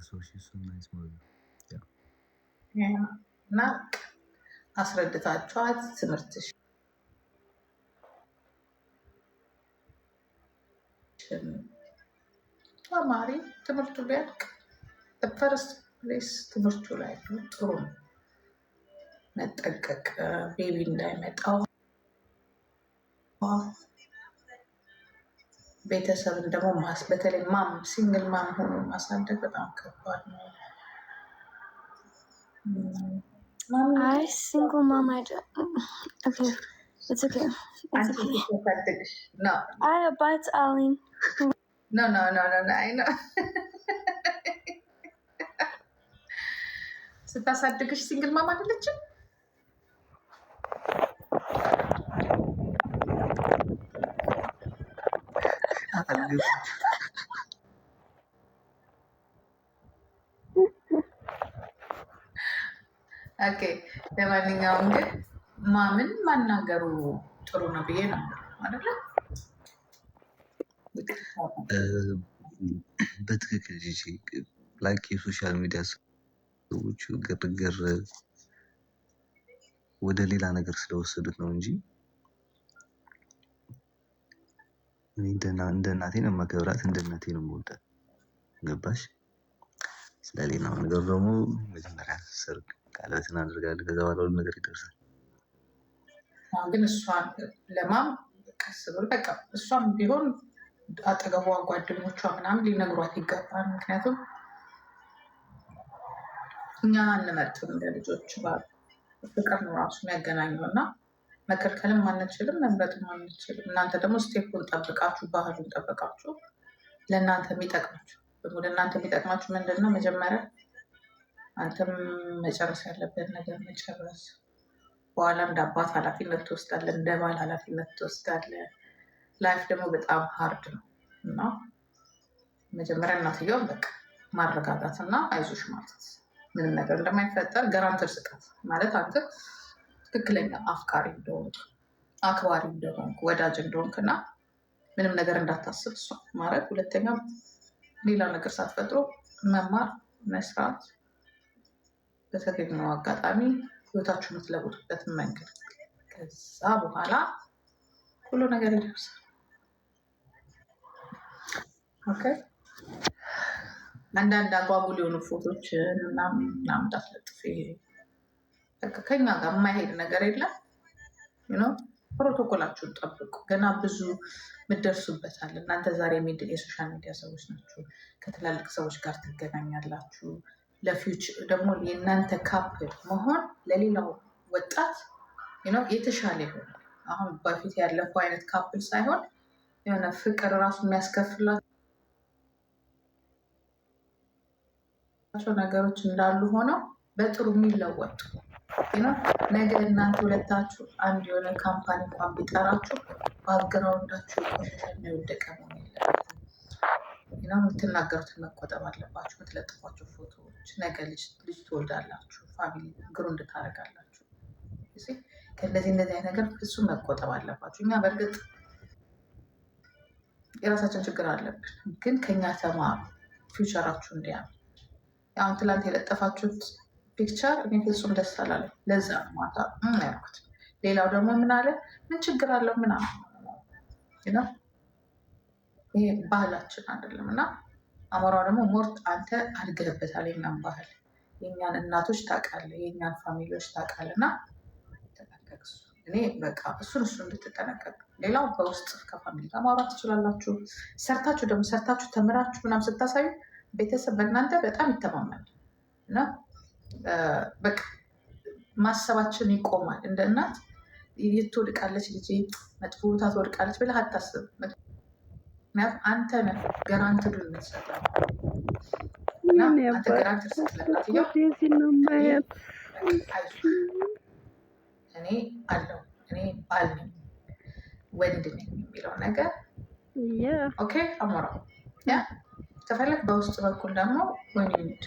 So she's a nice movie. Yeah. እና አስረድታችኋት ተማሪ ትምህርቱ ቢያልቅ ፈርስት ፕሌስ ትምህርቱ ላይ ጥሩ ነው ቤቢ እንዳይመጣው ቤተሰብን ደግሞ በተለይ ማም ሲንግል ማም ሆኖ ማሳደግ በጣም ከባድ ነው። አይ ሲንግል ማም አባት አለኝ። ኖ ኖ ኖ ኖ አይ ነው ስታሳድግሽ ሲንግል ማም አይደለችም። ኦኬ ለማንኛውም ግን ማምን ማናገሩ ጥሩ ነው ብዬ ነው አይደለ? በትክክል ላይክ የሶሻል ሚዲያ ሰዎች ግርግር ወደ ሌላ ነገር ስለወሰዱት ነው እንጂ እንደ እናቴ ነው የማከብራት እንደ እናቴ ነው የምወዳት። ገባሽ? ስለ ነገር ደግሞ መጀመሪያ ሰርግ ቃላት እናደርጋለን ከዛ በኋላ ሁሉ ነገር ይደርሳል። ግን እሷን ለማም ቀስ ብሎ በቃ እሷም ቢሆን አጠገቧ ጓደኞቿ ምናምን ሊነግሯት ይገባል። ምክንያቱም እኛ እንመርጥም እንደ ልጆች ፍቅር ነው ራሱ የሚያገናኘው እና መከልከልም አንችልም፣ መምረጥም አንችልም። እናንተ ደግሞ ስቴፑን ጠብቃችሁ ባህሉን ጠብቃችሁ ለእናንተ የሚጠቅማችሁ ደግሞ ለእናንተ የሚጠቅማችሁ ምንድን ነው? መጀመሪያ አንተም መጨረስ ያለበት ነገር መጨረስ፣ በኋላ እንደ አባት ኃላፊነት ትወስዳለ፣ እንደ ባል ኃላፊነት ትወስዳለ። ላይፍ ደግሞ በጣም ሀርድ ነው እና መጀመሪያ እናትየውን በቃ ማረጋጋት እና አይዞሽ ማለት ምንም ነገር እንደማይፈጠር ገራንትር ስጣት ማለት አንተ ትክክለኛ አፍቃሪ እንደሆንክ አክባሪ እንደሆንክ ወዳጅ እንደሆንክ እና ምንም ነገር እንዳታስብ እሷ ማድረግ። ሁለተኛ ሌላ ነገር ሳትፈጥሮ መማር፣ መስራት፣ በተገኘው አጋጣሚ ህይወታችሁ የምትለውጡበት መንገድ። ከዛ በኋላ ሁሉ ነገር ይደርሳል። አንዳንድ አጓጉል የሆኑ ፎቶች ምናምን ምናምን እንዳትለጥፍ ከኛ ጋር የማይሄድ ነገር የለም። ፕሮቶኮላችሁን ጠብቁ። ገና ብዙ ምደርሱበታል። እናንተ ዛሬ የሶሻል ሚዲያ ሰዎች ናችሁ። ከትላልቅ ሰዎች ጋር ትገናኛላችሁ። ለፊውቸር ደግሞ የእናንተ ካፕል መሆን ለሌላው ወጣት የተሻለ ይሆናል። አሁን በፊት ያለፈው አይነት ካፕል ሳይሆን የሆነ ፍቅር ራሱ የሚያስከፍላቸው ነገሮች እንዳሉ ሆነው በጥሩ የሚለወጡ ነገ እናንተ ሁለታችሁ አንድ የሆነ ካምፓኒ እንኳን ቢጠራችሁ ባግራውንዳችሁ የቆሸሸ እና የወደቀ መሆን የለበትም። የምትናገሩትን መቆጠብ አለባችሁ። የምትለጥፏቸው ፎቶዎች ነገ ልጅ ትወልዳላችሁ፣ ፋሚሊ ግሩ እንድታደርጋላችሁ። ከእነዚህ እንደዚህ አይነት ነገር ፍጹም መቆጠብ አለባችሁ። እኛ በእርግጥ የራሳችን ችግር አለብን፣ ግን ከኛ ተማሩ፣ ፊውቸራችሁ እንዲያምር። አሁን ትላንት የለጠፋችሁት ፒክቸር እኔ ፍጹም ደስ አላለኝ። ለዛ ማታ ያልኩት። ሌላው ደግሞ ምን አለ ምን ችግር አለው ምናምን ነው። ይሄ ባህላችን አይደለም እና አማራው ደግሞ ሞርት አንተ አድገህበታል። የኛን ባህል የኛን እናቶች ታውቃለህ፣ የኛን ፋሚሊዎች ታውቃለህ። እና ተጠንቀቅ። እኔ በቃ እሱን እሱ እንድትጠነቀቅ። ሌላው በውስጥ ከፋሚሊ ጋር ማውራት ትችላላችሁ። ሰርታችሁ ደግሞ ሰርታችሁ ተምራችሁ ምናምን ስታሳዩ ቤተሰብ በእናንተ በጣም ይተማመናል እና በቃ ማሰባችን ይቆማል። እንደ እናት የት ትወድቃለች ልጄ መጥፎ ቦታ ትወድቃለች ብለህ አታስብ። ምክንያቱም አንተ ነህ ገራንትዱ የምትሰጠው እና እኔ አለው እኔ ባል ነኝ ወንድ ነኝ የሚለው ነገር ኦኬ አሞራው ያ ከፈለግ በውስጥ በኩል ደግሞ ወንድ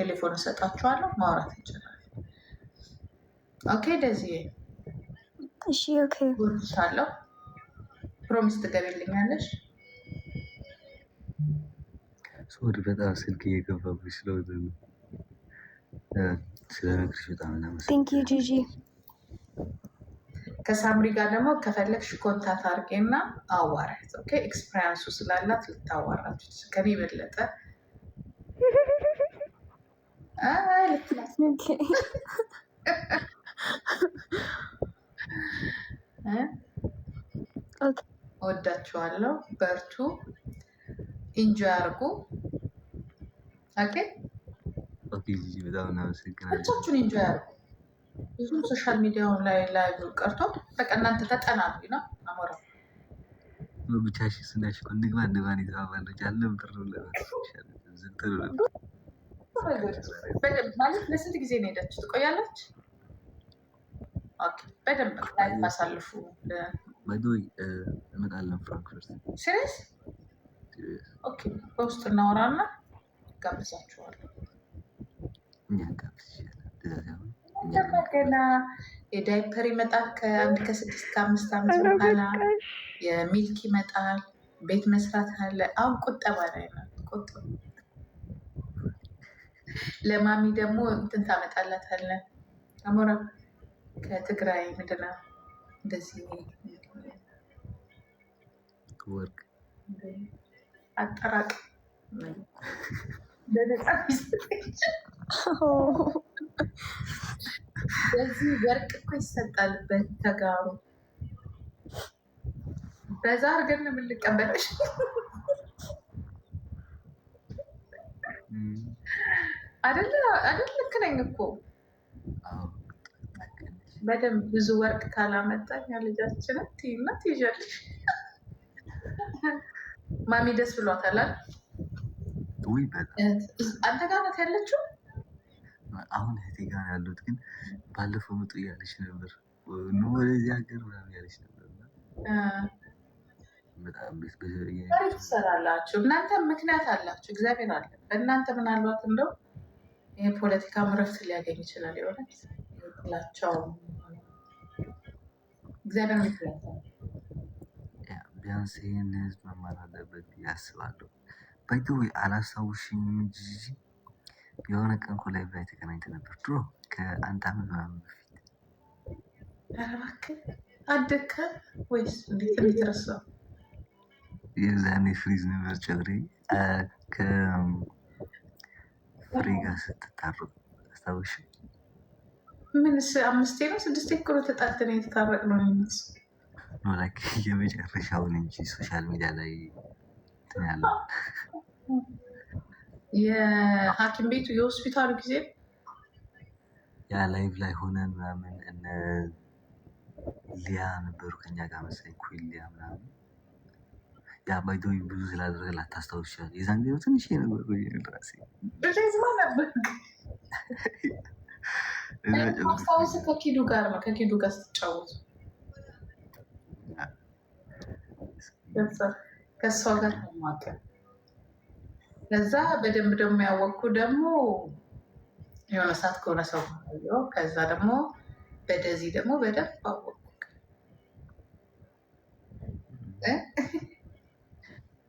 ቴሌፎን እሰጣችኋለሁ፣ ማውራት ይችላል። ኦኬ እንደዚህ እሺ። ኦኬ አለው። ፕሮሚስ ትገቢልኛለሽ? ሶሪ በጣም ስልክ እየገባብኝ ስለሆነ ስለነግርሽ በጣም እናመሰግናለን። ጂጂ ከሳምሪ ጋር ደግሞ ከፈለግሽ ኮንታት አድርጌና አዋራት። ኦኬ ኤክስፐሪንሱ ስላላት ልታዋራችሁ ከኔ የበለጠ ወዳችኋለሁ። በርቱ፣ ኢንጆይ አድርጉ። ብቻችሁን ኢንጆይ አድርጉ። ብዙ ሶሻል ሚዲያውን ላይ ላይ ቀርቶ በቃ እናንተ ተጠናሉ ነው አሞራ ብቻሽ ስናሽ እንግባ እንግባ የተባባለች አልነበረ በደንብ ማለት ለስንት ጊዜ ነው ሄዳችሁ ትቆያለች? በደንብ ላይ ማሳልፉ ባይዶይ uh, እመጣለን ፍራንክፈርት ሲሪየስ በውስጥ እናወራና ጋብዛችኋለሁ። ገና የዳይፐር ይመጣል ከአንድ ከስድስት ከአምስት ዓመት በኋላ የሚልክ ይመጣል። ቤት መስራት አለ። አሁን ቁጠባ ላይ ነው ቁጠባ ለማሚ ደግሞ እንትን ታመጣላታለን። አሞራ ከትግራይ ምድና እንደዚህ ወርቅ አጠራቅ በዚህ ወርቅ እኮ ይሰጣል። በተጋሩ በዛ አድርገን ነው የምንቀበለው። አይደል? ልክ ነኝ እኮ በደንብ ብዙ ወርቅ ካላመጣኝ ልጃችንን ትይና ትይዣለሽ። ማሚ ደስ ብሏታል። አንተ ጋር ናት ያለችው። አሁን እህቴ ጋር ያሉት ግን ባለፈው ምጡ እያለች ነበር፣ ወደዚህ ሀገር ምናምን ያለች ነበር። ትሰራላችሁ እናንተ ምክንያት አላችሁ፣ እግዚአብሔር አለ በእናንተ ምናልባት እንደው ይህ ፖለቲካ እረፍት ሊያገኝ ይችላል። የሆነት ሁላቸው እግዚአብሔር ይመስላል። ቢያንስ ይህን ህዝብ መማር አለበት ብዬ አስባለሁ። ባይተወ አላስታውሽም እንጂ የሆነ ቀን እኮ ላይ ብላ የተገናኝተ ነበር ድሮ ከአንድ አመት ምናምን በፊት። ኧረ እባክህ አደግከ ወይስ እንዴት ነው የተረሳው? የዛኔ ፍሪዝ ነበር ጨብሬ ፍሬጋ ስትታረቁ አስታወሽ? ምን አምስቴ ነው ስድስቴ ክሮ ተጣልተን የተታረቅ ነው የሚመስሉ ኖላክ የመጨረሻውን እንጂ ሶሻል ሚዲያ ላይ እንትን ያለው የሐኪም ቤቱ የሆስፒታሉ ጊዜ ያ ላይቭ ላይ ሆነን ምናምን ሊያ ነበሩ ከኛ ጋር መሰለኝ ኩል ሊያ ምናምን ያባይቶ ብዙ ስላደረገ ላታስታውስ ይችላል። የዛን ጊዜ ትንሽ ነበር ራሴ ማስታወስ ጋር ነው። ከዛ በደንብ ደግሞ ያወቅኩ ደግሞ የሆነ ሰዓት ከሆነ ሰው ከዛ ደግሞ በደዚህ ደግሞ በደንብ አወቅኩ።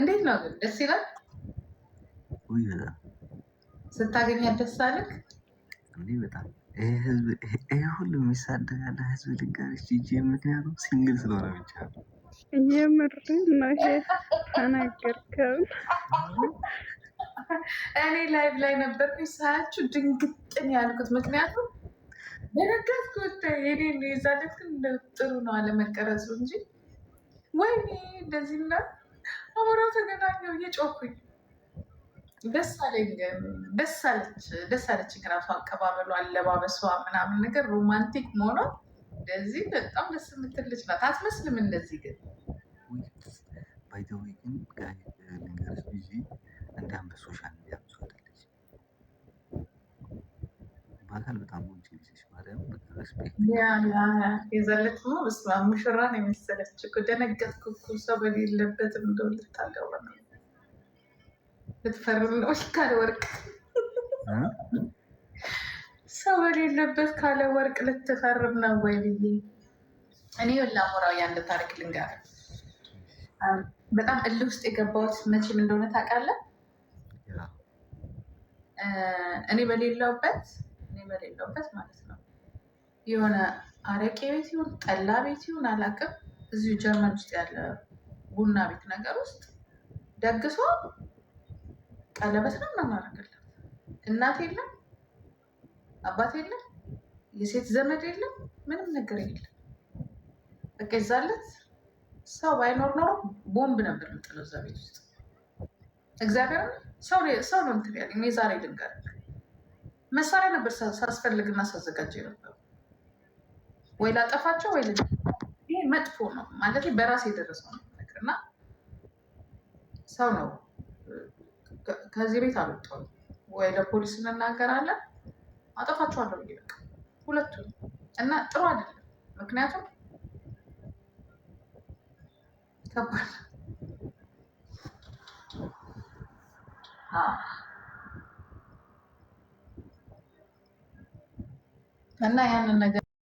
እንዴት ነው ግን? ደስ ይላል ስታገኛት ደስ አለህ? እንዲህ በጣም ይሄ ሁሉ የሚሳደጋለ ህዝብ ድጋሪች ጅ ምክንያቱም ሲንግል ስለሆነ ብቻ የምር ነው ይሄ ተናገርከው። እኔ ላይቭ ላይ ነበርኩኝ ሳያችሁ ድንግጥን ያልኩት ምክንያቱም የነገርኩት የኔ የዛለት ግን ጥሩ ነው አለመቀረጹ እንጂ ወይኔ እንደዚህ ነው አቦራው ተገናኘው እየጮኩኝ ደስ አለኝ። ደስ አለች ደስ አለችኝ። ራሱ አቀባበሉ፣ አለባበሷ ምናምን ነገር ሮማንቲክ መሆኗ እንደዚህ በጣም ደስ የምትል ልጅ ናት። አትመስልም እንደዚህ ግን ባይዘዌ ግን ልንገርሽ ብዬ እንደ አንበሶሻል የዘለች ነው ስማ፣ ሙሽራን የመሰለች እኮ ደነገጥኩ እኮ። ሰው በሌለበትም እንደው ልታገባ ነው ልትፈርም ነው ካለ ወርቅ፣ ሰው በሌለበት ካለ ወርቅ ልትፈርም ነው ወይ ብዬ እኔ ላሞራው ያንድ ታሪክ ልንጋር። በጣም እልህ ውስጥ የገባሁት መቼም እንደሆነ ታውቃለህ። እኔ በሌለውበት እኔ በሌለውበት ማለት ነው የሆነ አረቄ ቤት ይሁን ጠላ ቤት ይሁን አላውቅም፣ እዚሁ ጀርመን ውስጥ ያለ ቡና ቤት ነገር ውስጥ ደግሶ ቀለበት ነው እናደርግለት። እናት የለም፣ አባት የለም፣ የሴት ዘመድ የለም፣ ምንም ነገር የለም። በቃ ይዛለት ሰው ባይኖር ኖሮ ቦምብ ነበር የምጥለው እዛ ቤት ውስጥ። እግዚአብሔር ሰው ነው ምትል ያለኝ የዛሬ ልንገር መሳሪያ ነበር ሳስፈልግና ሳዘጋጀ ነበሩ ወይ ላጠፋቸው ወይ ልጅ ይሄ መጥፎ ነው ማለት በራሴ የደረሰው ነው ነገር እና ሰው ነው ከዚህ ቤት አልወጣሁም ወይ ለፖሊስ እንናገራለን አጠፋችኋለሁ ብዬ በቃ ሁለቱ እና ጥሩ አይደለም ምክንያቱም ከባድ እና ያንን ነገር